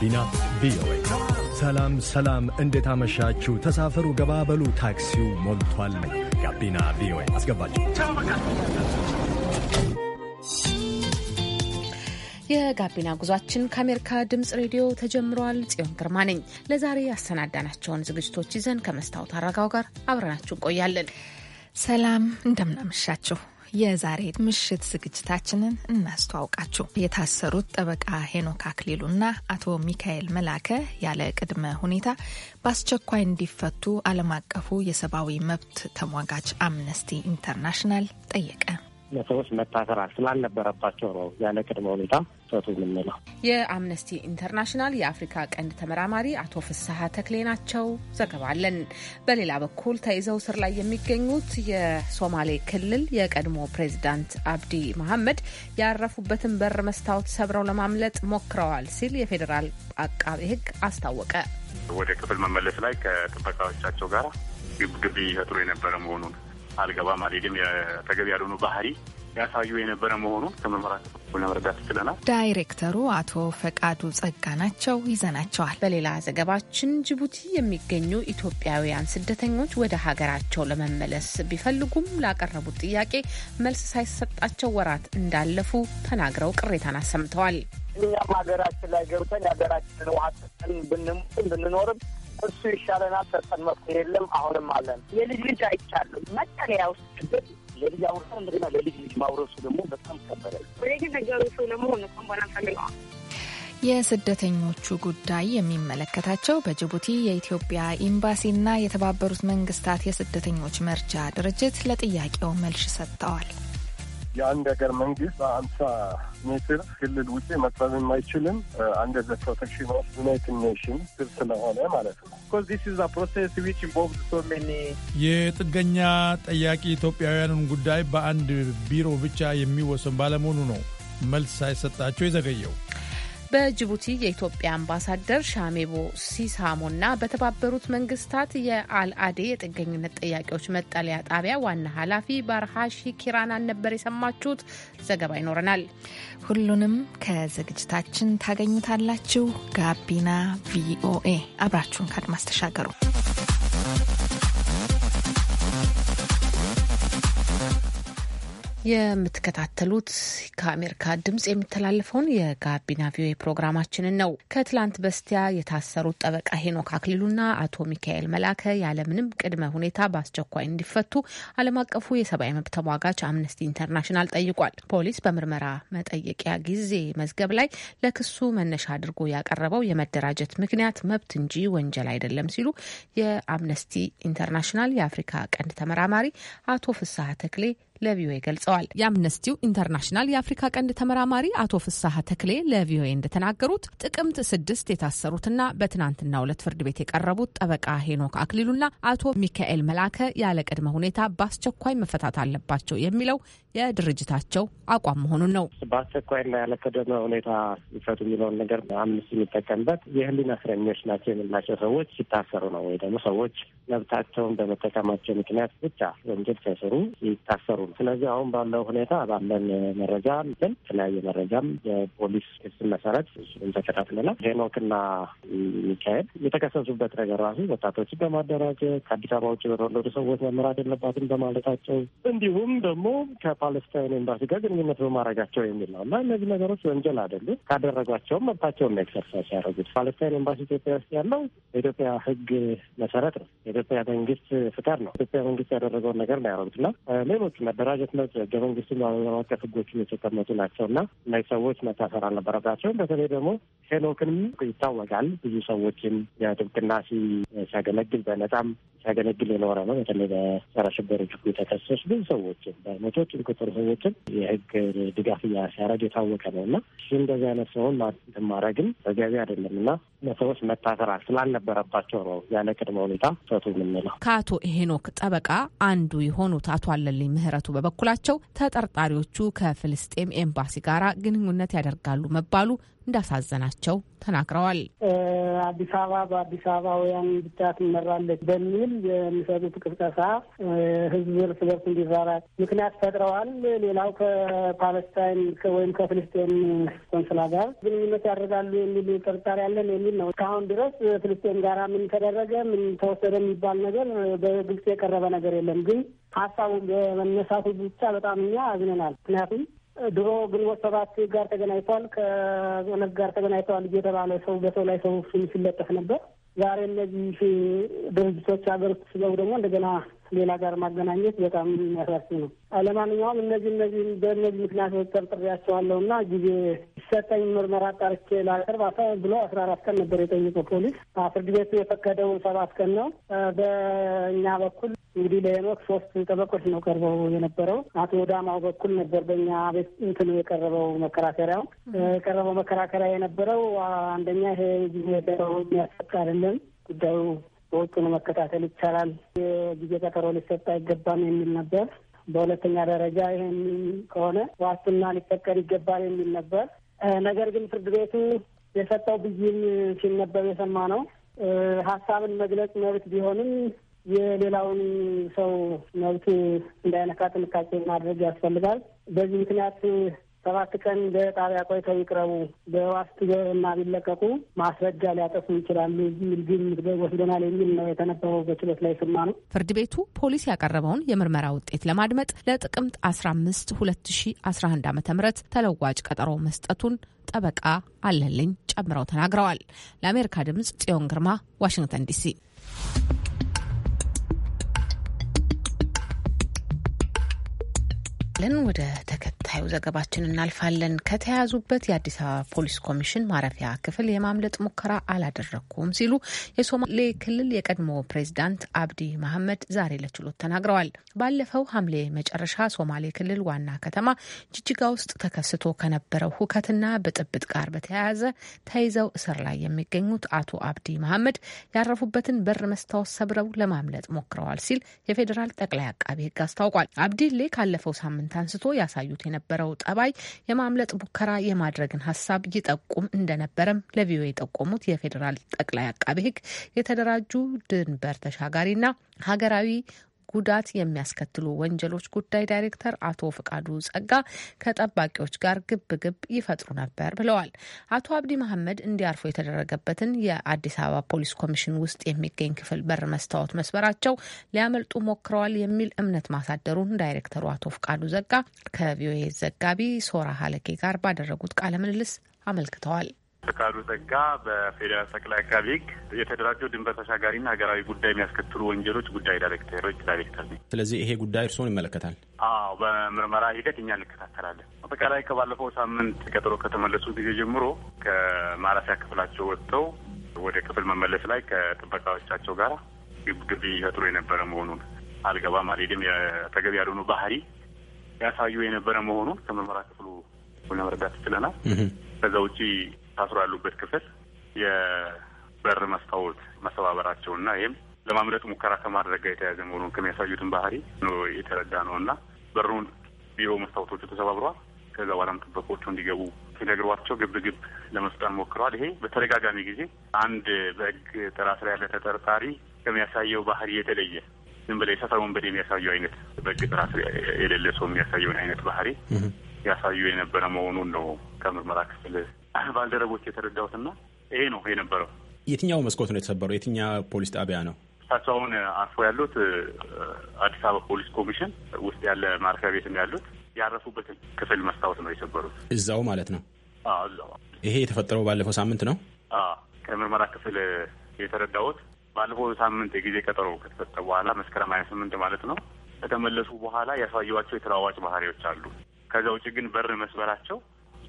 ጋቢና ቪኦኤ። ሰላም ሰላም፣ እንዴት አመሻችሁ? ተሳፈሩ፣ ገባበሉ፣ ታክሲው ሞልቷል። ጋቢና ቪኦኤ ሰላም ሰላም እንዴት አመሻችሁ ተሳፈሩ በሉ ታክሲው ሞልቷል ጋቢና ቪኦኤ አስገባችሁ የጋቢና ጉዟችን ከአሜሪካ ድምፅ ሬዲዮ ተጀምሯል። ጽዮን ግርማ ነኝ። ለዛሬ ያሰናዳናቸውን ዝግጅቶች ይዘን ከመስታወት አረጋው ጋር አብረናችሁ እንቆያለን። ሰላም፣ እንደምናመሻችሁ የዛሬ ምሽት ዝግጅታችንን እናስተዋውቃችሁ። የታሰሩት ጠበቃ ሄኖክ አክሊሉና አቶ ሚካኤል መላከ ያለ ቅድመ ሁኔታ በአስቸኳይ እንዲፈቱ ዓለም አቀፉ የሰብአዊ መብት ተሟጋች አምነስቲ ኢንተርናሽናል ጠየቀ። ለሰዎች መታሰራል ስላልነበረባቸው ነው ያለ ቅድመ ሁኔታ ሰቱ የምንለው። የአምነስቲ ኢንተርናሽናል የአፍሪካ ቀንድ ተመራማሪ አቶ ፍስሀ ተክሌ ናቸው። ዘገባ አለን። በሌላ በኩል ተይዘው ስር ላይ የሚገኙት የሶማሌ ክልል የቀድሞ ፕሬዚዳንት አብዲ መሐመድ ያረፉበትን በር መስታወት ሰብረው ለማምለጥ ሞክረዋል ሲል የፌዴራል አቃቤ ሕግ አስታወቀ። ወደ ክፍል መመለስ ላይ ከጥበቃዎቻቸው ጋር ግብግብ ይፈጥሩ የነበረ መሆኑን አልገባም አልሄድም ተገቢ ያልሆኑ ባህሪ ያሳዩ የነበረ መሆኑ ከምርመራ ለመረዳት ችለናል። ዳይሬክተሩ አቶ ፈቃዱ ጸጋ ናቸው ይዘናቸዋል። በሌላ ዘገባችን ጅቡቲ የሚገኙ ኢትዮጵያውያን ስደተኞች ወደ ሀገራቸው ለመመለስ ቢፈልጉም ላቀረቡት ጥያቄ መልስ ሳይሰጣቸው ወራት እንዳለፉ ተናግረው ቅሬታን አሰምተዋል። እኛም ሀገራችን ላይ ገብተን የሀገራችንን ውሀ ብንሞትም ብንኖርም እሱ ይሻለናል። ሰጠን መፍትሄ የለም። አሁንም አለን። የልጅ ልጅ አይቻለሁ መጠለያ ውስጥ ግን ለልጅ አውርሰን እንደገና ለልጅ ልጅ ማውረሱ ደግሞ በጣም ከበደ። ወደ ግን ነገሩ ሰው ለመሆኑ ከንቦና ፈልገዋል የስደተኞቹ ጉዳይ የሚመለከታቸው በጅቡቲ የኢትዮጵያ ኤምባሲና የተባበሩት መንግስታት የስደተኞች መርጃ ድርጅት ለጥያቄው መልስ ሰጥተዋል። የአንድ ሀገር መንግስት በአምሳ ሜትር ክልል ውጭ መጥረብም የማይችልም አንደር ዘ ፕሮቴክሽን ኦፍ ዩናይትድ ኔሽን ስር ስለሆነ ማለት ነው። የጥገኛ ጠያቂ ኢትዮጵያውያንን ጉዳይ በአንድ ቢሮ ብቻ የሚወሰን ባለመሆኑ ነው መልስ ሳይሰጣቸው የዘገየው። በጅቡቲ የኢትዮጵያ አምባሳደር ሻሜቦ ሲሳሞና በተባበሩት መንግስታት የአልአዴ የጥገኝነት ጥያቄዎች መጠለያ ጣቢያ ዋና ኃላፊ ባርሃሺ ኪራናን ነበር የሰማችሁት። ዘገባ ይኖረናል። ሁሉንም ከዝግጅታችን ታገኙታላችሁ። ጋቢና ቪኦኤ አብራችሁን ካድማስ ተሻገሩ። የምትከታተሉት ከአሜሪካ ድምጽ የሚተላለፈውን የጋቢና ቪኦኤ ፕሮግራማችንን ነው። ከትላንት በስቲያ የታሰሩት ጠበቃ ሄኖክ አክሊሉና አቶ ሚካኤል መላከ ያለምንም ቅድመ ሁኔታ በአስቸኳይ እንዲፈቱ ዓለም አቀፉ የሰብአዊ መብት ተሟጋች አምነስቲ ኢንተርናሽናል ጠይቋል። ፖሊስ በምርመራ መጠየቂያ ጊዜ መዝገብ ላይ ለክሱ መነሻ አድርጎ ያቀረበው የመደራጀት ምክንያት መብት እንጂ ወንጀል አይደለም ሲሉ የአምነስቲ ኢንተርናሽናል የአፍሪካ ቀንድ ተመራማሪ አቶ ፍስሀ ተክሌ ለቪኦኤ ገልጸዋል። የአምነስቲው ኢንተርናሽናል የአፍሪካ ቀንድ ተመራማሪ አቶ ፍሳሐ ተክሌ ለቪኦኤ እንደተናገሩት ጥቅምት ስድስት የታሰሩትና በትናንትናው ዕለት ፍርድ ቤት የቀረቡት ጠበቃ ሄኖክ አክሊሉና አቶ ሚካኤል መላከ ያለ ቅድመ ሁኔታ በአስቸኳይ መፈታት አለባቸው የሚለው የድርጅታቸው አቋም መሆኑን ነው። በአስቸኳይና ያለተደመ ሁኔታ ይፈቱ የሚለውን ነገር አምስት የሚጠቀምበት የህሊና እስረኞች ናቸው የምላቸው ሰዎች ሲታሰሩ ነው ወይ ደግሞ ሰዎች መብታቸውን በመጠቀማቸው ምክንያት ብቻ ወንጀል ሳይሰሩ ይታሰሩ ነው። ስለዚህ አሁን ባለው ሁኔታ ባለን መረጃ ምትል የተለያየ መረጃም የፖሊስ ክስ መሰረት እሱም ተከታትለናል። ሄኖክና ሚካኤል የተከሰሱበት ነገር ራሱ ወጣቶችን በማደራጀት ከአዲስ አበባ ውጭ በተወለዱ ሰዎች መምራት የለባትም በማለታቸው እንዲሁም ደግሞ ከፓለስታይን ኤምባሲ ጋር ግንኙነት በማድረጋቸው የሚል ነው እና እነዚህ ነገሮች ወንጀል አይደሉም። ካደረጓቸውም መብታቸውን ነው ኤክሰርሳይዝ ያደረጉት። ፓለስታይን ኤምባሲ ኢትዮጵያ ውስጥ ያለው የኢትዮጵያ ሕግ መሰረት ነው። የኢትዮጵያ መንግስት ፍቃድ ነው። ኢትዮጵያ መንግስት ያደረገውን ነገር ነው ያደረጉት እና ሌሎች መደራጀት መብት ህገ መንግስቱ ዓለም አቀፍ ሕጎችም የተቀመጡ ናቸው እና እነዚህ ሰዎች መታሰር አልነበረባቸውም። በተለይ ደግሞ ሄኖክንም ይታወቃል ብዙ ሰዎችን የጥብቅና ሲያገለግል በነጻም ሲያገለግል የኖረ ነው። በተለይ በጸረ ሽብር ሕጉ ተከሰሱ ብዙ ሰዎችን በመቶች ቁጥር ሰዎችን የህግ ድጋፍ ሲያደርግ የታወቀ ነው እና እሱ እንደዚህ አይነት ሰውን ማድረግም ተገቢ አይደለም እና ለሰዎች መታሰራል ስላልነበረባቸው ነው ያለ ቅድመ ሁኔታ ሰቱ የምንለው። ከአቶ ሄኖክ ጠበቃ አንዱ የሆኑት አቶ አለልኝ ምህረቱ በበኩላቸው ተጠርጣሪዎቹ ከፍልስጤም ኤምባሲ ጋራ ግንኙነት ያደርጋሉ መባሉ እንዳሳዘናቸው ተናግረዋል። አዲስ አበባ በአዲስ አበባውያን ብቻ ትመራለች በሚል የሚሰጡት ቅስቀሳ ህዝብ እርስ በርስ እንዲራራ ምክንያት ፈጥረዋል። ሌላው ከፓለስታይን ወይም ከፍልስጤን ቆንስላ ጋር ግንኙነት ያደርጋሉ የሚል ጥርጣሬ ያለን የሚል ነው። እስካሁን ድረስ ፍልስጤን ጋር ምን ተደረገ ምን ተወሰደ የሚባል ነገር በግልጽ የቀረበ ነገር የለም። ግን ሀሳቡ የመነሳቱ ብቻ በጣም እኛ አዝነናል። ምክንያቱም ድሮ ግንቦት ሰባት ጋር ተገናኝቷል ከነት ጋር ተገናኝተዋል እየተባለ ሰው በሰው ላይ ሰው ሲለጠፍ ነበር። ዛሬ እነዚህ ድርጅቶች ሀገር ውስጥ ሲገቡ ደግሞ እንደገና ሌላ ጋር ማገናኘት በጣም የሚያሳስብ ነው። አለማንኛውም እነዚህ እነዚህ በእነዚህ ምክንያቶች ጠርጥሬያቸዋለሁ እና ጊዜ ሲሰጠኝ ምርመራ አጣርቼ አ ብሎ አስራ አራት ቀን ነበር የጠየቀው ፖሊስ። ፍርድ ቤቱ የፈቀደውን ሰባት ቀን ነው። በእኛ በኩል እንግዲህ ለሄኖክ ሶስት ጠበቆች ነው ቀርበው የነበረው። አቶ ዳማው በኩል ነበር በእኛ ቤት እንትኑ የቀረበው መከራከሪያው የቀረበው መከራከሪያ የነበረው አንደኛ ይሄ ጊዜ የሚያስፈቅ አይደለም ጉዳዩ ውጭን መከታተል ይቻላል፣ የጊዜ ቀጠሮ ሊሰጥ አይገባም የሚል ነበር። በሁለተኛ ደረጃ ይህን ከሆነ ዋስትና ሊፈቀድ ይገባል የሚል ነበር። ነገር ግን ፍርድ ቤቱ የሰጠው ብይን ሲነበብ የሰማ ነው ሀሳብን መግለጽ መብት ቢሆንም የሌላውን ሰው መብት እንዳይነካ ጥንቃቄ ማድረግ ያስፈልጋል። በዚህ ምክንያት ሰባት ቀን በጣቢያ ቆይተው ይቅረቡ፣ በዋስትና ቢለቀቁ ማስረጃ ሊያጠፉ ይችላሉ የሚል ግምት ወስደናል የሚል ነው የተነበበው በችሎት ላይ ስማ ነው። ፍርድ ቤቱ ፖሊስ ያቀረበውን የምርመራ ውጤት ለማድመጥ ለጥቅምት አስራ አምስት ሁለት ሺ አስራ አንድ አመተ ምህረት ተለዋጭ ቀጠሮ መስጠቱን ጠበቃ አለልኝ ጨምረው ተናግረዋል። ለአሜሪካ ድምጽ ጽዮን ግርማ ዋሽንግተን ዲሲ ልን ወደ ተከታዩ ዘገባችን እናልፋለን። ከተያዙበት የአዲስ አበባ ፖሊስ ኮሚሽን ማረፊያ ክፍል የማምለጥ ሙከራ አላደረግኩም ሲሉ የሶማሌ ክልል የቀድሞ ፕሬዚዳንት አብዲ መሐመድ ዛሬ ለችሎት ተናግረዋል። ባለፈው ሐምሌ መጨረሻ ሶማሌ ክልል ዋና ከተማ ጅጅጋ ውስጥ ተከስቶ ከነበረው ሁከትና ብጥብጥ ጋር በተያያዘ ተይዘው እስር ላይ የሚገኙት አቶ አብዲ መሐመድ ያረፉበትን በር መስታወት ሰብረው ለማምለጥ ሞክረዋል ሲል የፌዴራል ጠቅላይ አቃቢ ሕግ አስታውቋል። አብዲሌ ካለፈው ሳምንት ሳምንት አንስቶ ያሳዩት የነበረው ጠባይ የማምለጥ ሙከራ የማድረግን ሀሳብ ይጠቁም እንደነበረም ለቪኦኤ የጠቆሙት የፌዴራል ጠቅላይ አቃቤ ሕግ የተደራጁ ድንበር ተሻጋሪና ሀገራዊ ጉዳት የሚያስከትሉ ወንጀሎች ጉዳይ ዳይሬክተር አቶ ፍቃዱ ጸጋ ከጠባቂዎች ጋር ግብ ግብ ይፈጥሩ ነበር ብለዋል። አቶ አብዲ መሐመድ እንዲያርፉ የተደረገበትን የአዲስ አበባ ፖሊስ ኮሚሽን ውስጥ የሚገኝ ክፍል በር መስታወት መስበራቸው ሊያመልጡ ሞክረዋል የሚል እምነት ማሳደሩን ዳይሬክተሩ አቶ ፍቃዱ ዘጋ ከቪኦኤ ዘጋቢ ሶራ ሀለኬ ጋር ባደረጉት ቃለ ምልልስ አመልክተዋል። ፈቃዱ ጸጋ በፌዴራል ጠቅላይ አቃቢ ህግ የተደራጀው ድንበር ተሻጋሪና ሀገራዊ ጉዳይ የሚያስከትሉ ወንጀሎች ጉዳይ ዳይሬክተሮች ዳይሬክተር ነኝ። ስለዚህ ይሄ ጉዳይ እርስዎን ይመለከታል? አዎ፣ በምርመራ ሂደት እኛ እንከታተላለን። አጠቃላይ ከባለፈው ሳምንት ቀጠሮ ከተመለሱ ጊዜ ጀምሮ ከማረፊያ ክፍላቸው ወጥተው ወደ ክፍል መመለስ ላይ ከጥበቃዎቻቸው ጋር ግብግብ ይፈጥሩ የነበረ መሆኑን አልገባም አልሄድም ተገቢ ያልሆኑ ባህሪ ያሳዩ የነበረ መሆኑን ከምርመራ ክፍሉ ለመረዳት ችለናል። ከዛ ውጪ ታስሮ ያሉበት ክፍል የበር መስታወት መሰባበራቸውና ይህም ለማምለጥ ሙከራ ከማድረግ ጋር መሆኑን ከሚያሳዩትን ባህሪ የተረዳ ነው እና በሩን ቢሮ መስታወቶቹ ተሰባብረዋል። ከዛ በኋላም ጥበቆቹ እንዲገቡ ሲነግሯቸው ግብ ግብ ለመፍጠር ሞክረዋል። ይሄ በተደጋጋሚ ጊዜ አንድ በህግ ጥራ ስራ ያለ ተጠርጣሪ ከሚያሳየው ባህሪ የተለየ ዝም ብላ የሰፈር ወንበድ የሚያሳዩ አይነት በህግ ጥራ ስር የሌለ ሰው የሚያሳየውን አይነት ባህሪ ያሳዩ የነበረ መሆኑን ነው ከምርመራ ክፍል ባልደረቦች የተረዳሁትና ይሄ ነው የነበረው። የትኛው መስኮት ነው የተሰበረው? የትኛ ፖሊስ ጣቢያ ነው? እሳቸው አሁን አርፎ ያሉት አዲስ አበባ ፖሊስ ኮሚሽን ውስጥ ያለ ማረፊያ ቤት ነው ያሉት። ያረፉበትን ክፍል መስታወት ነው የሰበሩት። እዛው ማለት ነው። እዛው ይሄ የተፈጠረው ባለፈው ሳምንት ነው። ከምርመራ ክፍል የተረዳሁት ባለፈው ሳምንት የጊዜ ቀጠሮ ከተሰጠ በኋላ መስከረም ሀያ ስምንት ማለት ነው ከተመለሱ በኋላ ያሳየዋቸው የተለዋዋጭ ባህሪዎች አሉ። ከዛ ውጭ ግን በር መስበራቸው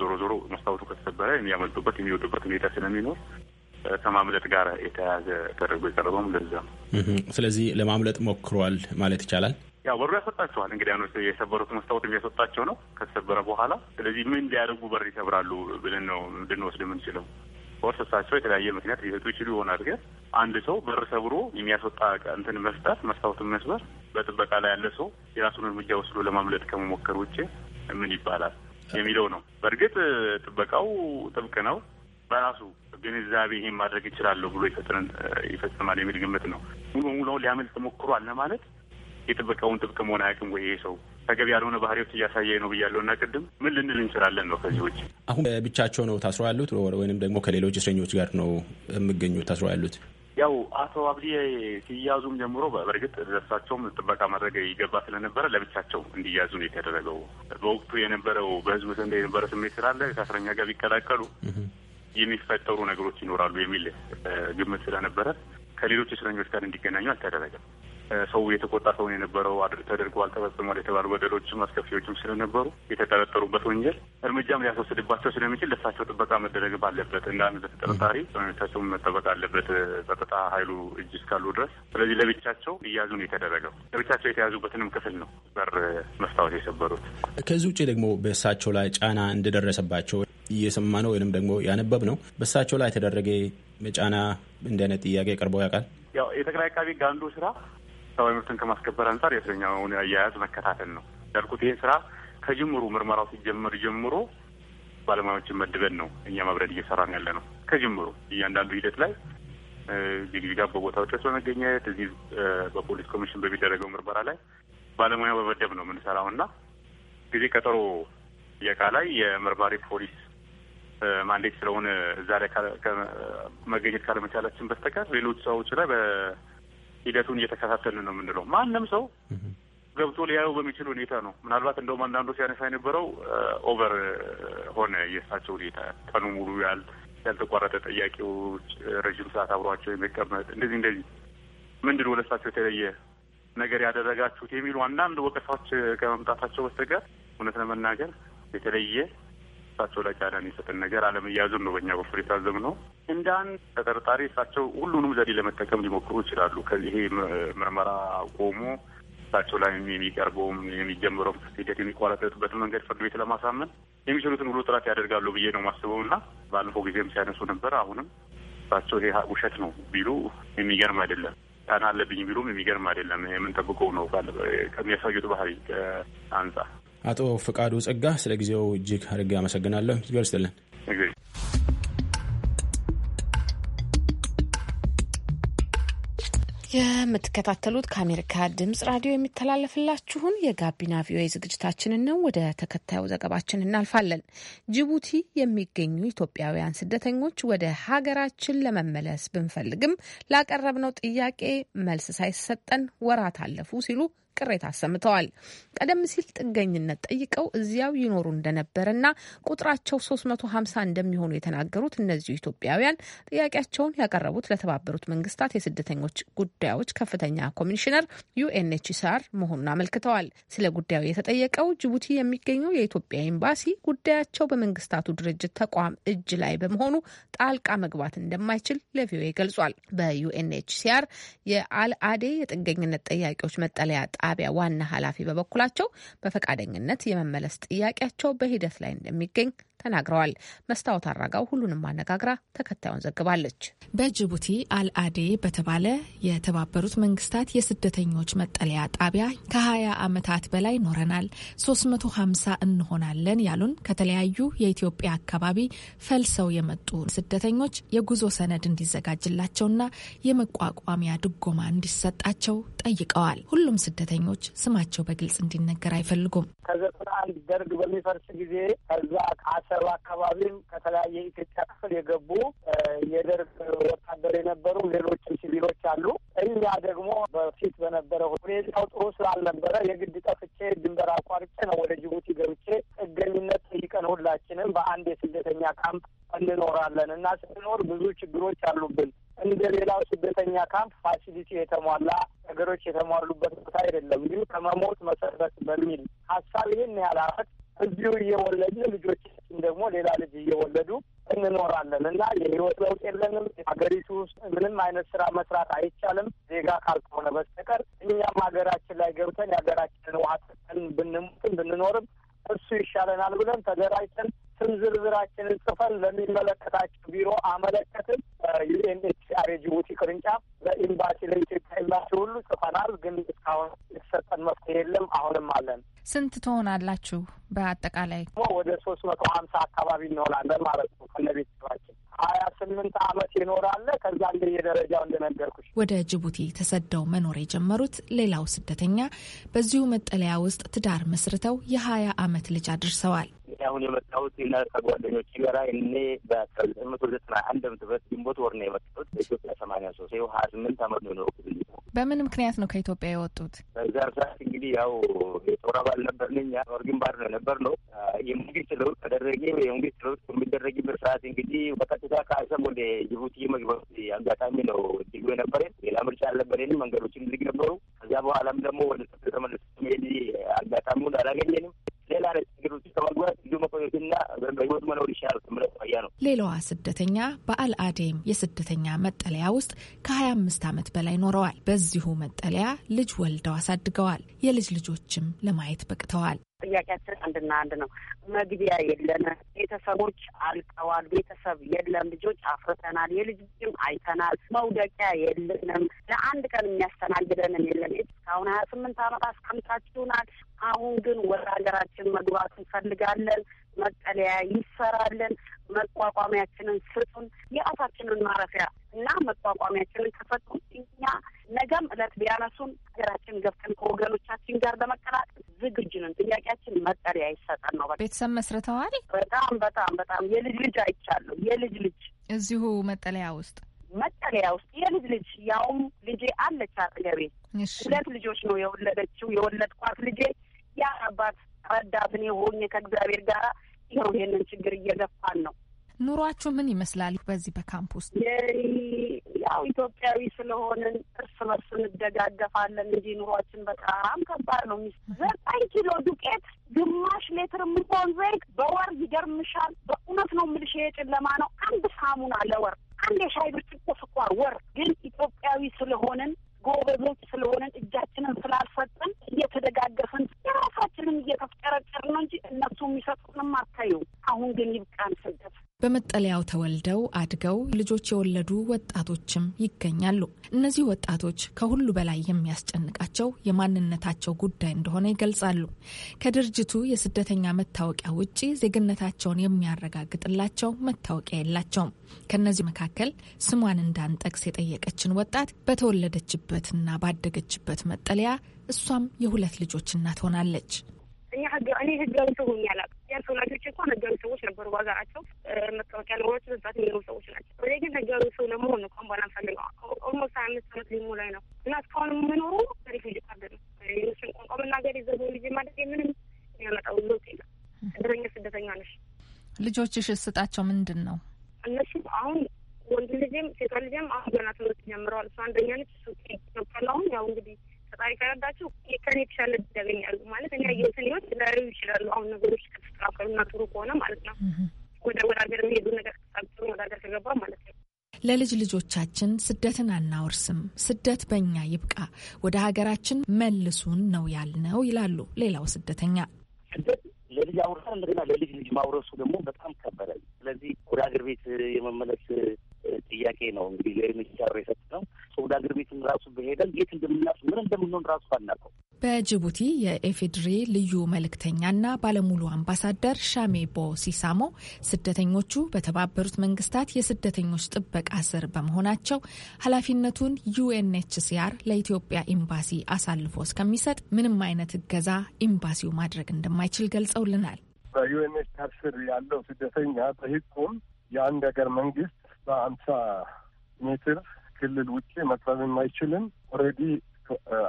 ዞሮ ዞሮ መስታወቱ ከተሰበረ የሚያመልጡበት የሚወጡበት ሁኔታ ስለሚኖር ከማምለጥ ጋር የተያያዘ ተደርጎ የቀረበውም ለዛ ነው። ስለዚህ ለማምለጥ ሞክሯል ማለት ይቻላል። ያ በሩ ያስወጣቸዋል። እንግዲህ ያኖ የሰበሩት መስታወት የሚያስወጣቸው ነው ከተሰበረ በኋላ። ስለዚህ ምን ሊያደርጉ በር ይሰብራሉ ብለን ነው ልንወስድ የምንችለው። ወርስ እሳቸው የተለያየ ምክንያት ሊሰጡ ይችሉ ይሆን ግን አንድ ሰው በር ሰብሮ የሚያስወጣ እንትን መፍጠር መስታወትን መስበር በጥበቃ ላይ ያለ ሰው የራሱን እርምጃ ወስዶ ለማምለጥ ከመሞከር ውጭ ምን ይባላል? የሚለው ነው። በእርግጥ ጥበቃው ጥብቅ ነው። በራሱ ግንዛቤ ይሄን ማድረግ ይችላለሁ ብሎ ይፈጽማል የሚል ግምት ነው። ሙሉ በሙሉ ሊያመልጥ ሞክሯል ለማለት የጥበቃውን ጥብቅ መሆን አያውቅም ወይ ይሄ ሰው ተገቢ ያልሆነ ባህሪዎች እያሳየ ነው ብያለሁ እና ቅድም ምን ልንል እንችላለን ነው። ከዚህ ውጭ አሁን ብቻቸው ነው ታስሮ ያሉት ወይንም ደግሞ ከሌሎች እስረኞች ጋር ነው የሚገኙት ታስሮ ያሉት? ያው አቶ አብዲ ሲያዙም ጀምሮ በእርግጥ ለእሳቸውም ጥበቃ ማድረግ ይገባ ስለነበረ ለብቻቸው እንዲያዙ ነው የተደረገው። በወቅቱ የነበረው በህዝቡ ዘንድ የነበረ ስሜት ስላለ ከእስረኛ ጋር ቢቀላቀሉ የሚፈጠሩ ነገሮች ይኖራሉ የሚል ግምት ስለነበረ ከሌሎች እስረኞች ጋር እንዲገናኙ አልተደረገም። ሰው የተቆጣ ሰውን የነበረው ተደርገዋል ተፈጽሟል የተባሉ በደሎችም አስከፊዎችም ስለነበሩ የተጠረጠሩበት ወንጀል እርምጃም ሊያስወስድባቸው ስለሚችል ለሳቸው ጥበቃ መደረግ አለበት እንደ አንድ ተጠርጣሪ ሰውነታቸውም መጠበቅ አለበት ጸጥታ ኃይሉ እጅ እስካሉ ድረስ። ስለዚህ ለብቻቸው እያዙ ነው የተደረገው። ለብቻቸው የተያዙበትንም ክፍል ነው በር መስታወት የሰበሩት። ከዚህ ውጭ ደግሞ በእሳቸው ላይ ጫና እንደደረሰባቸው እየሰማ ነው ወይንም ደግሞ ያነበብ ነው። በእሳቸው ላይ የተደረገ ጫና እንደ ጥያቄ ቀርበው ያውቃል? ያው የጠቅላይ አቃቤ ጋንዱ ስራ ሰብአዊ መብትን ከማስከበር አንጻር የእስረኛውን አያያዝ መከታተል ነው ያልኩት። ይሄ ስራ ከጅምሩ ምርመራው ሲጀመር ጀምሮ ባለሙያዎችን መድበን ነው እኛ ማብረድ እየሰራን ያለ ነው። ከጅምሩ እያንዳንዱ ሂደት ላይ ጅግጅጋ በቦታው ድረስ በመገኘት እዚህ በፖሊስ ኮሚሽን በሚደረገው ምርመራ ላይ ባለሙያ በመደብ ነው የምንሰራው እና ጊዜ ቀጠሮ የቃ ላይ የመርማሪ ፖሊስ ማንዴት ስለሆነ እዛ ላይ መገኘት ካለመቻላችን በስተቀር ሌሎች ሰዎች ላይ ሂደቱን እየተከታተልን ነው የምንለው። ማንም ሰው ገብቶ ሊያየው በሚችል ሁኔታ ነው። ምናልባት እንደውም አንዳንዱ ሲያነሳ የነበረው ኦቨር ሆነ የእሳቸው ሁኔታ ቀኑ ሙሉ ያል ያልተቋረጠ ጥያቄዎች፣ ረዥም ሰዓት አብሯቸው የሚቀመጥ እንደዚህ እንደዚህ ምንድን ወደ የተለየ ነገር ያደረጋችሁት የሚሉ አንዳንድ ወቀሳዎች ከመምጣታቸው በስተቀር እውነት ለመናገር የተለየ እሳቸው ላይ ጫና የሚሰጥን ነገር አለመያዙን ነው በእኛ በኩል የታዘብ ነው። እንደ አንድ ተጠርጣሪ እሳቸው ሁሉንም ዘዴ ለመጠቀም ሊሞክሩ ይችላሉ። ከዚህ ምርመራ ቆሞ እሳቸው ላይ የሚቀርበውም የሚጀምረውም ሂደት የሚቋረጠጥበት መንገድ ፍርድ ቤት ለማሳመን የሚችሉትን ሁሉ ጥረት ያደርጋሉ ብዬ ነው ማስበው እና ባለፈው ጊዜም ሲያነሱ ነበር። አሁንም እሳቸው ይሄ ውሸት ነው ቢሉ የሚገርም አይደለም። ጫና አለብኝ ቢሉም የሚገርም አይደለም። የምንጠብቀው ነው ከሚያሳዩት ባህሪ አንጻር አቶ ፍቃዱ ጸጋ ስለ ጊዜው እጅግ አድርጌ አመሰግናለሁ። እግዚአብሔር የምትከታተሉት ከአሜሪካ ድምጽ ራዲዮ የሚተላለፍላችሁን የጋቢና ቪኦኤ ዝግጅታችንን ነው። ወደ ተከታዩ ዘገባችን እናልፋለን። ጅቡቲ የሚገኙ ኢትዮጵያውያን ስደተኞች ወደ ሀገራችን ለመመለስ ብንፈልግም ላቀረብነው ጥያቄ መልስ ሳይሰጠን ወራት አለፉ ሲሉ ቅሬታ አሰምተዋል። ቀደም ሲል ጥገኝነት ጠይቀው እዚያው ይኖሩ እንደነበረና ቁጥራቸው 350 እንደሚሆኑ የተናገሩት እነዚሁ ኢትዮጵያውያን ጥያቄያቸውን ያቀረቡት ለተባበሩት መንግስታት የስደተኞች ጉዳዮች ከፍተኛ ኮሚሽነር ዩኤንኤችሲአር መሆኑን አመልክተዋል። ስለ ጉዳዩ የተጠየቀው ጅቡቲ የሚገኘው የኢትዮጵያ ኤምባሲ ጉዳያቸው በመንግስታቱ ድርጅት ተቋም እጅ ላይ በመሆኑ ጣልቃ መግባት እንደማይችል ለቪኦኤ ገልጿል። በዩኤንኤችሲአር የአልአዴ የጥገኝነት ጠያቂዎች መጠለያ ጣቢያ ዋና ኃላፊ በበኩላቸው በፈቃደኝነት የመመለስ ጥያቄያቸው በሂደት ላይ እንደሚገኝ ተናግረዋል። መስታወት አራጋው ሁሉንም አነጋግራ ተከታዩን ዘግባለች። በጅቡቲ አልአዴ በተባለ የተባበሩት መንግስታት የስደተኞች መጠለያ ጣቢያ ከ20 ዓመታት በላይ ኖረናል። 350 እንሆናለን ያሉን ከተለያዩ የኢትዮጵያ አካባቢ ፈልሰው የመጡ ስደተኞች የጉዞ ሰነድ እንዲዘጋጅላቸውና የመቋቋሚያ ድጎማ እንዲሰጣቸው ጠይቀዋል። ሁሉም ስደተኞች ስማቸው በግልጽ እንዲነገር አይፈልጉም። ከዘጠና አንድ ደርግ በሚፈርስ ጊዜ ከዛ ከሰባ አካባቢም ከተለያየ ኢትዮጵያ ክፍል የገቡ የደርግ ወታደር የነበሩ ሌሎችም ሲቪሎች አሉ። እኛ ደግሞ በፊት በነበረ ሁኔታው ጥሩ ስላልነበረ የግድ ጠፍቼ ድንበር አቋርጬ ነው ወደ ጅቡቲ ገብቼ ጥገኝነት ጠይቀን ሁላችንም በአንድ የስደተኛ ካምፕ እንኖራለን እና ስንኖር ብዙ ችግሮች አሉብን። እንደ ሌላው ስደተኛ ካምፕ ፋሲሊቲ የተሟላ ነገሮች የተሟሉበት ቦታ አይደለም። እንዲሁ ከመሞት መሰረት በሚል ሀሳብ ይህን ያህል እዚሁ እየወለድን ልጆች ሌላ ልጅ እየወለዱ እንኖራለን እና የህይወት ለውጥ የለንም። ሀገሪቱ ውስጥ ምንም አይነት ስራ መስራት አይቻልም ዜጋ ካልሆነ በስተቀር እኛም ሀገራችን ላይ ገብተን የሀገራችንን ውሃ ጠጥተን ብንሞትም ብንኖርም እሱ ይሻለናል ብለን ተደራጅተን ስም ዝርዝራችንን ጽፈን ለሚመለከታቸው ቢሮ አመለከትን። ዩኤንኤችሲአር የጅቡቲ ቅርንጫፍ ለኢምባሲ ለኢትዮጵያ ኤምባሲ ሁሉ ጽፈናል፣ ግን እስካሁን የተሰጠን መፍትሄ የለም። አሁንም አለን ስንት ትሆናላችሁ በአጠቃላይ? ወደ ሶስት መቶ ሀምሳ አካባቢ እንሆናለን ማለት ነው ከነ ቤተሰባችን ሀያ ስምንት አመት ይኖራለ። ከዛ እንደ የደረጃው እንደነገርኩሽ ወደ ጅቡቲ ተሰደው መኖር የጀመሩት ሌላው ስደተኛ በዚሁ መጠለያ ውስጥ ትዳር መስርተው የሀያ አመት ልጅ አድርሰዋል። አሁን የመጣሁት እና ከጓደኞች ጋራ እኔ በአስራ ዘጠኝ መቶ ዘጠና አንድ አመት ድረስ ግንቦት ወር ነው የመጣሁት። በኢትዮጵያ ሰማንያ ሶስት ይኸው ሀያ ስምንት አመት ነው ነው በምን ምክንያት ነው ከኢትዮጵያ የወጡት? በዛን ሰዓት እንግዲህ ያው የጦር አባል ነበርን እኛ ጦር ግንባር ነው የነበር ነው። የመንግስት ለውጥ ተደረገ። የመንግስት ለውጥ በሚደረግበት ሰዓት እንግዲህ በቀጥታ ከአሰብ ወደ ጅቡቲ መግባት አጋጣሚ ነው እድሉ የነበረን። ሌላ ምርጫ አልነበረንም። መንገዶችን ዝግ ነበሩ። ከዛ በኋላም ደግሞ ወደ ተመለስ ሄድ አጋጣሚውን አላገኘንም። ሌላ ነ ችግር ውስጥ ብዙ መቆየትና በህይወት መኖር ምለት ያ ነው። ሌላዋ ስደተኛ በአልአዴም የስደተኛ መጠለያ ውስጥ ከሀያ አምስት ዓመት በላይ ኖረዋል። በዚሁ መጠለያ ልጅ ወልደው አሳድገዋል። የልጅ ልጆችም ለማየት በቅተዋል። ጥያቄያችን አንድና አንድ ነው። መግቢያ የለን፣ ቤተሰቦች አልቀዋል። ቤተሰብ የለም። ልጆች አፍርተናል። የልጅ ልጅም አይተናል። መውደቂያ የለንም። ለአንድ ቀን የሚያስተናግደንም የለን። እስካሁን ሀያ ስምንት አመት አስቀምጣችሁናል። አሁን ግን ወደ ሀገራችን መግባት እንፈልጋለን። መጠለያ ይሰራለን። መቋቋሚያችንን ስጡን። የአሳችንን ማረፊያ እና መቋቋሚያችንን ከፈቱ እኛ ነገም እለት ቢያነሱን ሀገራችን ገብተን ከወገኖቻችን ጋር ለመቀላቀል ዝግጁ ጥያቄያችን መጠለያ ይሰጠን ነው። ቤተሰብ መስርተዋል። በጣም በጣም በጣም የልጅ ልጅ አይቻለሁ። የልጅ ልጅ እዚሁ መጠለያ ውስጥ መጠለያ ውስጥ የልጅ ልጅ ያውም ልጄ አለች አጠገቤ። ሁለት ልጆች ነው የወለደችው የወለድኳት ልጄ ያ አባት ረዳት እኔ ሆኜ ከእግዚአብሔር ጋር ይኸው ይሄንን ችግር እየገፋን ነው። ኑሯችሁ ምን ይመስላል በዚህ በካምፕ ውስጥ? ያው ኢትዮጵያዊ ስለሆንን እርስ በርስ እንደጋገፋለን እንጂ ኑሯችን በጣም ከባድ ነው። ሚስ ዘጠኝ ኪሎ ዱቄት፣ ግማሽ ሌትር የምንሆን ዘይት በወር ይገርምሻል። በእውነት ነው የምልሽ የጨለማ ነው። አንድ ሳሙና ለወር አንድ የሻይ ብርጭቆ ስኳር ወር። ግን ኢትዮጵያዊ ስለሆንን ጎበዞች ስለሆንን እጃችንን ስላልሰጥ በመጠለያው ተወልደው አድገው ልጆች የወለዱ ወጣቶችም ይገኛሉ። እነዚህ ወጣቶች ከሁሉ በላይ የሚያስጨንቃቸው የማንነታቸው ጉዳይ እንደሆነ ይገልጻሉ። ከድርጅቱ የስደተኛ መታወቂያ ውጪ ዜግነታቸውን የሚያረጋግጥላቸው መታወቂያ የላቸውም። ከእነዚህ መካከል ስሟን እንዳንጠቅስ የጠየቀችን ወጣት በተወለደችበትና ባደገችበት መጠለያ እሷም የሁለት ልጆች እናት ሆናለች። እኔ ህጋዊ ሰው ሆኜ አላውቅም። ያን ወላጆች እንኳን ህጋዊ ሰዎች ነበሩ። በሀገራቸው መታወቂያ ለሆናቸው በብዛት የሚኖሩ ሰዎች ናቸው። ወደ ግን ህጋዊ ሰው ለመሆን ነው ከአሁን በኋላ ፈልገ ኦልሞስት ሀያ አምስት አመት ሊሞ ላይ ነው እና እስካሁን የምኖሩ ሪፊውጂ ካርድ ነው። ሌሎችን ቋንቋ መናገር የዘቦ ልጅ ማለት የምንም የሚያመጣው ለውጥ የለም። እድረኛ ስደተኛ ነሽ። ልጆችሽ ስጣቸው ምንድን ነው? እነሱም አሁን ወንድ ልጅም ሴቷ ልጅም አሁን ገና ትምህርት ጀምረዋል። እሱ አንደኛ ነች። እሱ ኬጅ አሁን ያው እንግዲህ ፈጣሪ ከረዳቸው የከኔ የተሻለ ያገኛሉ ማለት እኔ ያየሁትን ህይወት ላዩ ይችላሉ። አሁን ነገሮች ከተስተካከሉና ጥሩ ከሆነ ማለት ነው ወደ ወደ ሀገር የሚሄዱ ነገር ከተስተካከሉ ወደ ሀገር ከገባ ማለት ነው። ለልጅ ልጆቻችን ስደትን አናወርስም፣ ስደት በእኛ ይብቃ፣ ወደ ሀገራችን መልሱን ነው ያልነው ይላሉ ሌላው ስደተኛ። ስደት ለልጅ አውርሳ እንደገና ለልጅ ልጅ ማውረሱ ደግሞ በጣም ከበደ። ስለዚህ ወደ ሀገር ቤት የመመለስ ጥያቄ ነው እንግዲህ ለሚቻሩ የሰጥ ነው ወደ አገር ቤትም ራሱ በሄደን የት እንደምናርፍ ምን እንደምንሆን ራሱ አናውቀው። በጅቡቲ የኤፌድሪ ልዩ መልእክተኛና ባለሙሉ አምባሳደር ሻሜቦ ሲሳሞ ስደተኞቹ በተባበሩት መንግስታት የስደተኞች ጥበቃ ስር በመሆናቸው ኃላፊነቱን ዩኤንኤችሲአር ለኢትዮጵያ ኤምባሲ አሳልፎ እስከሚሰጥ ምንም አይነት እገዛ ኤምባሲው ማድረግ እንደማይችል ገልጸውልናል። በዩኤንኤችሲአር ስር ያለው ስደተኛ በሕጉም የአንድ ሀገር መንግስት በአምሳ ሜትር ክልል ውጭ መቅረብ የማይችልም ኦልሬዲ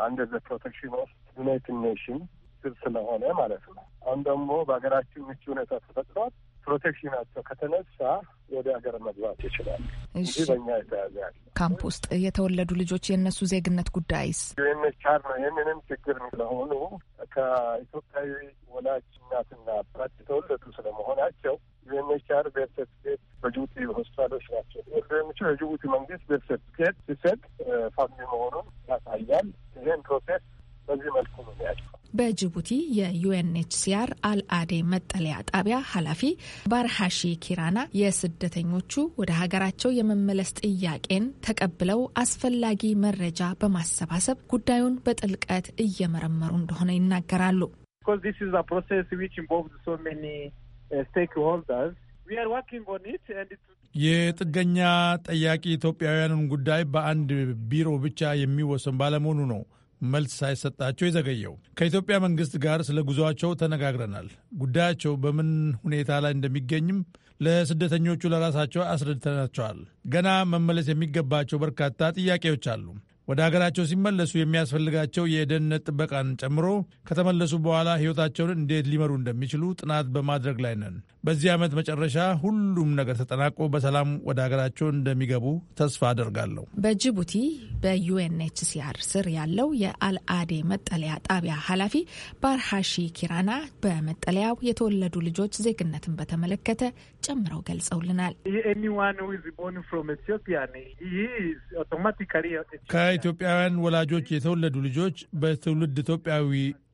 አንደ ዘ ፕሮቴክሽን ኦፍ ዩናይትድ ኔሽን ስር ስለሆነ ማለት ነው። አሁን ደግሞ በሀገራችን ምቹ ሁኔታ ተፈጥሯል። ፕሮቴክሽናቸው ከተነሳ ወደ ሀገር መግባት ይችላል እንጂ በእኛ የተያዘ ያለ ካምፕ ውስጥ የተወለዱ ልጆች የእነሱ ዜግነት ጉዳይስ ዩኤንኤችሲአር ነው ይህንንም ችግር ለሆኑ ከኢትዮጵያዊ ወላጅ እናትና አባት የተወለዱ ስለመሆናቸው ዩኤንኤችሲአር ቤት ሰርቲፊኬት በጅቡቲ ሆስፒታሎች ናቸው ወርዶ የጅቡቲ መንግስት ቤት ሰርቲፊኬት ሲሰጥ ፋሚሊ መሆኑን ያሳያል። ይህን ፕሮሴስ በዚህ መልኩ ነው ያለው። በጅቡቲ የዩኤንኤችሲአር አልአዴ መጠለያ ጣቢያ ኃላፊ ባርሃሺ ኪራና የስደተኞቹ ወደ ሀገራቸው የመመለስ ጥያቄን ተቀብለው አስፈላጊ መረጃ በማሰባሰብ ጉዳዩን በጥልቀት እየመረመሩ እንደሆነ ይናገራሉ። Uh, የጥገኛ ጠያቂ ኢትዮጵያውያንን ጉዳይ በአንድ ቢሮ ብቻ የሚወሰን ባለመሆኑ ነው መልስ ሳይሰጣቸው የዘገየው። ከኢትዮጵያ መንግስት ጋር ስለ ጉዞቸው ተነጋግረናል። ጉዳያቸው በምን ሁኔታ ላይ እንደሚገኝም ለስደተኞቹ ለራሳቸው አስረድተናቸዋል። ገና መመለስ የሚገባቸው በርካታ ጥያቄዎች አሉ። ወደ ሀገራቸው ሲመለሱ የሚያስፈልጋቸው የደህንነት ጥበቃን ጨምሮ ከተመለሱ በኋላ ሕይወታቸውን እንዴት ሊመሩ እንደሚችሉ ጥናት በማድረግ ላይ ነን። በዚህ ዓመት መጨረሻ ሁሉም ነገር ተጠናቆ በሰላም ወደ ሀገራቸው እንደሚገቡ ተስፋ አደርጋለሁ። በጅቡቲ በዩኤንኤችሲአር ስር ያለው የአልአዴ መጠለያ ጣቢያ ኃላፊ ባርሃሺ ኪራና በመጠለያው የተወለዱ ልጆች ዜግነትን በተመለከተ ጨምረው ገልጸውልናል። ከኢትዮጵያውያን ወላጆች የተወለዱ ልጆች በትውልድ ኢትዮጵያዊ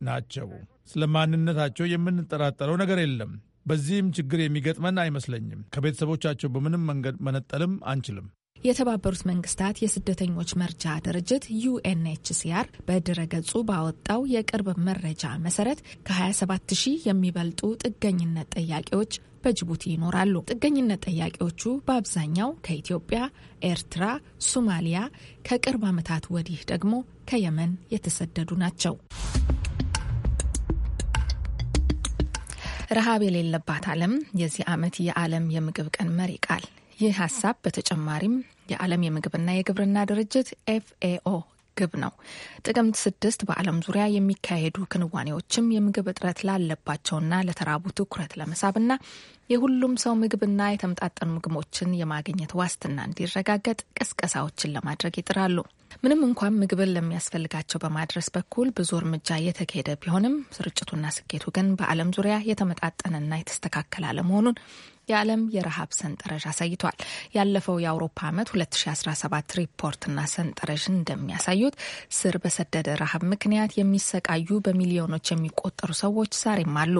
ናቸው። ስለ ማንነታቸው የምንጠራጠረው ነገር የለም። በዚህም ችግር የሚገጥመን አይመስለኝም። ከቤተሰቦቻቸው በምንም መንገድ መነጠልም አንችልም። የተባበሩት መንግስታት የስደተኞች መርጃ ድርጅት ዩኤንኤችሲአር በድረገጹ ባወጣው የቅርብ መረጃ መሰረት ከ27 ሺህ የሚበልጡ ጥገኝነት ጠያቂዎች በጅቡቲ ይኖራሉ። ጥገኝነት ጠያቂዎቹ በአብዛኛው ከኢትዮጵያ፣ ኤርትራ፣ ሱማሊያ፣ ከቅርብ ዓመታት ወዲህ ደግሞ ከየመን የተሰደዱ ናቸው። ረሃብ የሌለባት ዓለም የዚህ ዓመት የዓለም የምግብ ቀን መሪ ቃል። ይህ ሀሳብ በተጨማሪም የዓለም የምግብና የግብርና ድርጅት ኤፍኤኦ ግብ ነው። ጥቅምት ስድስት በዓለም ዙሪያ የሚካሄዱ ክንዋኔዎችም የምግብ እጥረት ላለባቸውና ለተራቡ ትኩረት ለመሳብና የሁሉም ሰው ምግብና የተመጣጠኑ ምግቦችን የማግኘት ዋስትና እንዲረጋገጥ ቅስቀሳዎችን ለማድረግ ይጥራሉ። ምንም እንኳን ምግብን ለሚያስፈልጋቸው በማድረስ በኩል ብዙ እርምጃ እየተካሄደ ቢሆንም ስርጭቱና ስኬቱ ግን በዓለም ዙሪያ የተመጣጠነና የተስተካከለ አለመሆኑን የዓለም የረሃብ ሰንጠረዥ አሳይቷል። ያለፈው የአውሮፓ ዓመት 2017 ሪፖርትና ሰንጠረዥ እንደሚያሳዩት ስር በሰደደ ረሃብ ምክንያት የሚሰቃዩ በሚሊዮኖች የሚቆጠሩ ሰዎች ዛሬም አሉ።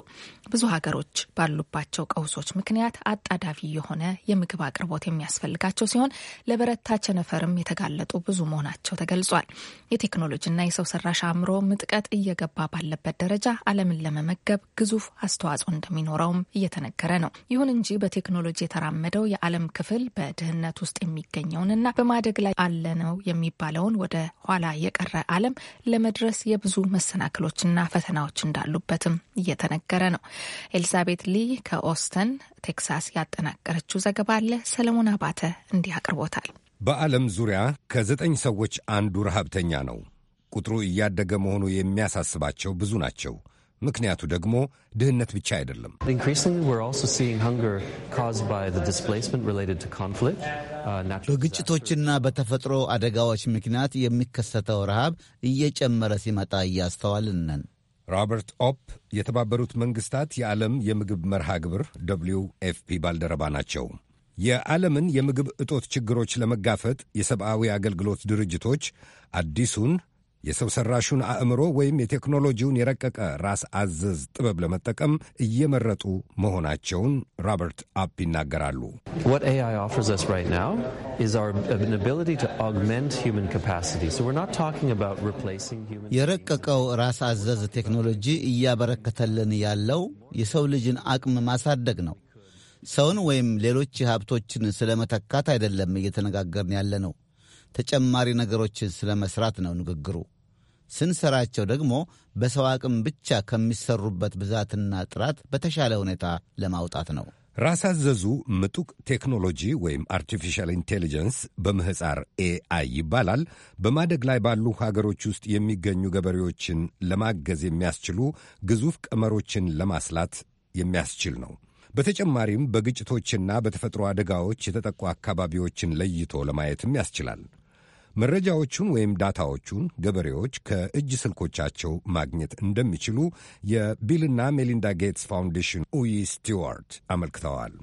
ብዙ ሀገሮች ባሉባቸው ቀውሶች ምክንያት አጣዳፊ የሆነ የምግብ አቅርቦት የሚያስፈልጋቸው ሲሆን ለበረታ ቸነፈርም የተጋለጡ ብዙ መሆናቸው ተገልጿል። የቴክኖሎጂና የሰው ሰራሽ አእምሮ ምጥቀት እየገባ ባለበት ደረጃ ዓለምን ለመመገብ ግዙፍ አስተዋጽኦ እንደሚኖረውም እየተነገረ ነው። ይሁን እንጂ በቴክኖሎጂ የተራመደው የዓለም ክፍል በድህነት ውስጥ የሚገኘውንና በማደግ ላይ አለ ነው የሚባለውን ወደ ኋላ የቀረ ዓለም ለመድረስ የብዙ መሰናክሎችና ፈተናዎች እንዳሉበትም እየተነገረ ነው። ኤልዛቤት ሊ ከኦስተን ቴክሳስ ያጠናቀረችው ዘገባ አለ። ሰለሞን አባተ እንዲህ አቅርቦታል። በዓለም ዙሪያ ከዘጠኝ ሰዎች አንዱ ረሃብተኛ ነው። ቁጥሩ እያደገ መሆኑ የሚያሳስባቸው ብዙ ናቸው። ምክንያቱ ደግሞ ድህነት ብቻ አይደለም። uh, በግጭቶችና በተፈጥሮ አደጋዎች ምክንያት የሚከሰተው ረሃብ እየጨመረ ሲመጣ እያስተዋልን ነን። ሮበርት ኦፕ የተባበሩት መንግሥታት የዓለም የምግብ መርሃ ግብር ደብልዩ ኤፍፒ ፒ ባልደረባ ናቸው። የዓለምን የምግብ እጦት ችግሮች ለመጋፈጥ የሰብአዊ አገልግሎት ድርጅቶች አዲሱን የሰው ሰራሹን አእምሮ ወይም የቴክኖሎጂውን የረቀቀ ራስ አዘዝ ጥበብ ለመጠቀም እየመረጡ መሆናቸውን ሮበርት አፕ ይናገራሉ። የረቀቀው ራስ አዘዝ ቴክኖሎጂ እያበረከተልን ያለው የሰው ልጅን አቅም ማሳደግ ነው። ሰውን ወይም ሌሎች ሀብቶችን ስለ መተካት አይደለም እየተነጋገርን ያለ ነው። ተጨማሪ ነገሮችን ስለ መስራት ነው ንግግሩ። ስንሰራቸው ደግሞ በሰው አቅም ብቻ ከሚሰሩበት ብዛትና ጥራት በተሻለ ሁኔታ ለማውጣት ነው። ራስ አዘዙ ምጡቅ ቴክኖሎጂ ወይም አርቲፊሻል ኢንቴሊጀንስ በምህፃር ኤአይ ይባላል። በማደግ ላይ ባሉ ሀገሮች ውስጥ የሚገኙ ገበሬዎችን ለማገዝ የሚያስችሉ ግዙፍ ቀመሮችን ለማስላት የሚያስችል ነው። በተጨማሪም በግጭቶችና በተፈጥሮ አደጋዎች የተጠቁ አካባቢዎችን ለይቶ ለማየትም ያስችላል። መረጃዎቹን ወይም ዳታዎቹን ገበሬዎች ከእጅ ስልኮቻቸው ማግኘት እንደሚችሉ የቢልና ሜሊንዳ ጌትስ ፋውንዴሽን ኡይ ስቲዋርት አመልክተዋል።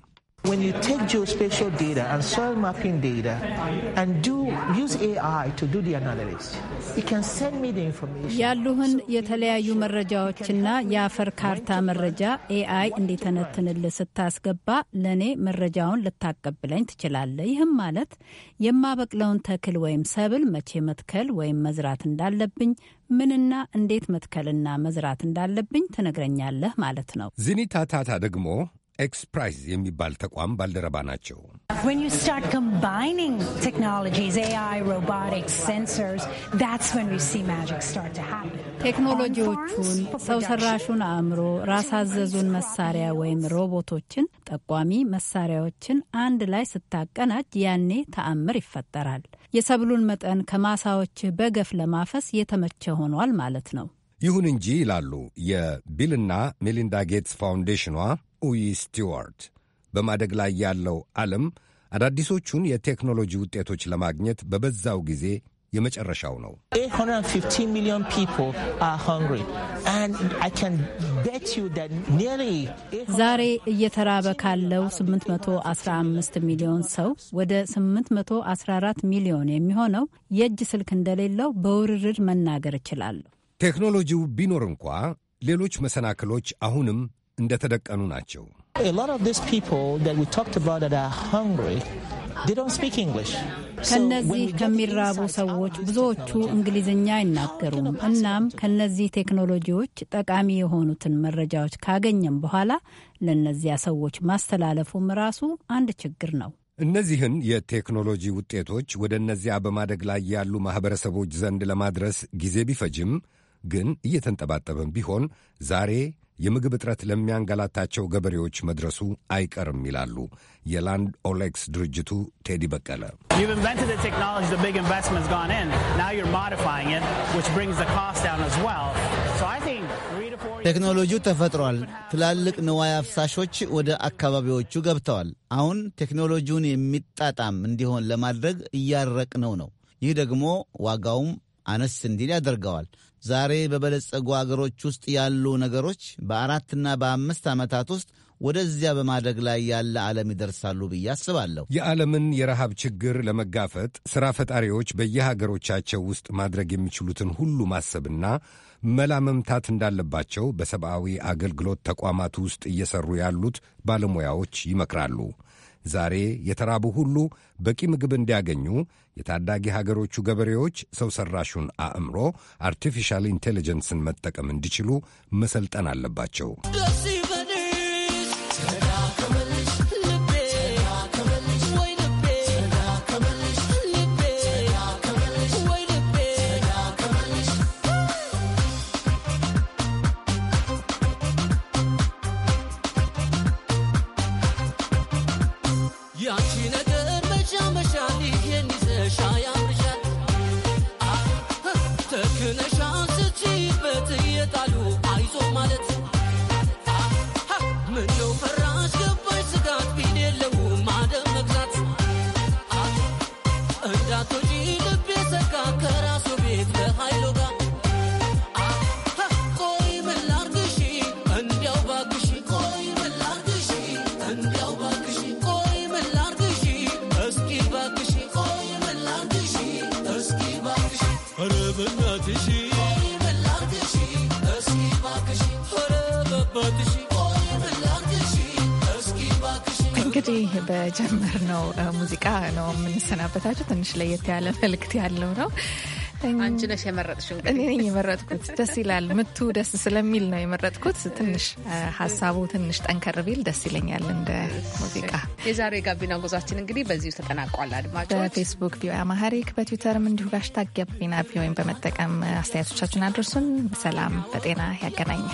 When you take geospatial data and soil mapping data and do use AI to do the analysis, it can send me the information. ያሉህን የተለያዩ መረጃዎችና የአፈር ካርታ መረጃ ኤአይ እንዲተነትንልህ ስታስገባ ለእኔ መረጃውን ልታቀብለኝ ትችላለህ። ይህም ማለት የማበቅለውን ተክል ወይም ሰብል መቼ መትከል ወይም መዝራት እንዳለብኝ ምንና እንዴት መትከልና መዝራት እንዳለብኝ ትነግረኛለህ ማለት ነው። ዚኒታታታ ደግሞ ኤክስፕራይዝ የሚባል ተቋም ባልደረባ ናቸው። ቴክኖሎጂዎቹን፣ ሰው ሰራሹን አእምሮ፣ ራስ አዘዙን መሳሪያ ወይም ሮቦቶችን፣ ጠቋሚ መሳሪያዎችን አንድ ላይ ስታቀናጅ ያኔ ተአምር ይፈጠራል። የሰብሉን መጠን ከማሳዎች በገፍ ለማፈስ የተመቸ ሆኗል ማለት ነው። ይሁን እንጂ ይላሉ የቢልና ሜሊንዳ ጌትስ ፋውንዴሽኗ ኡይ ስቲዋርት፣ በማደግ ላይ ያለው ዓለም አዳዲሶቹን የቴክኖሎጂ ውጤቶች ለማግኘት በበዛው ጊዜ የመጨረሻው ነው። ዛሬ እየተራበ ካለው 815 ሚሊዮን ሰው ወደ 814 ሚሊዮን የሚሆነው የእጅ ስልክ እንደሌለው በውርርድ መናገር እችላለሁ። ቴክኖሎጂው ቢኖር እንኳ ሌሎች መሰናክሎች አሁንም እንደተደቀኑ ናቸው። ከነዚህ ከሚራቡ ሰዎች ብዙዎቹ እንግሊዝኛ አይናገሩም። እናም ከነዚህ ቴክኖሎጂዎች ጠቃሚ የሆኑትን መረጃዎች ካገኘም በኋላ ለእነዚያ ሰዎች ማስተላለፉም ራሱ አንድ ችግር ነው። እነዚህን የቴክኖሎጂ ውጤቶች ወደ እነዚያ በማደግ ላይ ያሉ ማኅበረሰቦች ዘንድ ለማድረስ ጊዜ ቢፈጅም ግን እየተንጠባጠበም ቢሆን ዛሬ የምግብ እጥረት ለሚያንገላታቸው ገበሬዎች መድረሱ አይቀርም ይላሉ የላንድ ኦሌክስ ድርጅቱ ቴዲ በቀለ። ቴክኖሎጂው ተፈጥሯል። ትላልቅ ንዋይ አፍሳሾች ወደ አካባቢዎቹ ገብተዋል። አሁን ቴክኖሎጂውን የሚጣጣም እንዲሆን ለማድረግ እያረቅነው ነው። ይህ ደግሞ ዋጋውም አነስ እንዲል ያደርገዋል። ዛሬ በበለጸጉ አገሮች ውስጥ ያሉ ነገሮች በአራትና በአምስት ዓመታት ውስጥ ወደዚያ በማደግ ላይ ያለ ዓለም ይደርሳሉ ብዬ አስባለሁ። የዓለምን የረሃብ ችግር ለመጋፈጥ ሥራ ፈጣሪዎች በየሀገሮቻቸው ውስጥ ማድረግ የሚችሉትን ሁሉ ማሰብና መላ መምታት እንዳለባቸው በሰብአዊ አገልግሎት ተቋማት ውስጥ እየሰሩ ያሉት ባለሙያዎች ይመክራሉ። ዛሬ የተራቡ ሁሉ በቂ ምግብ እንዲያገኙ የታዳጊ ሀገሮቹ ገበሬዎች ሰው ሰራሹን አእምሮ አርቲፊሻል ኢንቴሊጀንስን መጠቀም እንዲችሉ መሰልጠን አለባቸው። እንግዲህ በጀመርነው ሙዚቃ ነው የምንሰናበታቸው። ትንሽ ለየት ያለ መልእክት ያለው ነው። አንቺ ነሽ የመረጥሽው? እኔ ነኝ የመረጥኩት። ደስ ይላል። ምቱ ደስ ስለሚል ነው የመረጥኩት። ትንሽ ሀሳቡ ትንሽ ጠንከር ቢል ደስ ይለኛል እንደ ሙዚቃ። የዛሬ የጋቢና ጉዟችን እንግዲህ በዚሁ ተጠናቋል። አድማጮች በፌስቡክ ቪኦኤ አማሃሪክ በትዊተርም እንዲሁ ሃሽታግ ጋቢና ቪኦኤን በመጠቀም አስተያየቶቻችን አድርሱን። ሰላም በጤና ያገናኛል።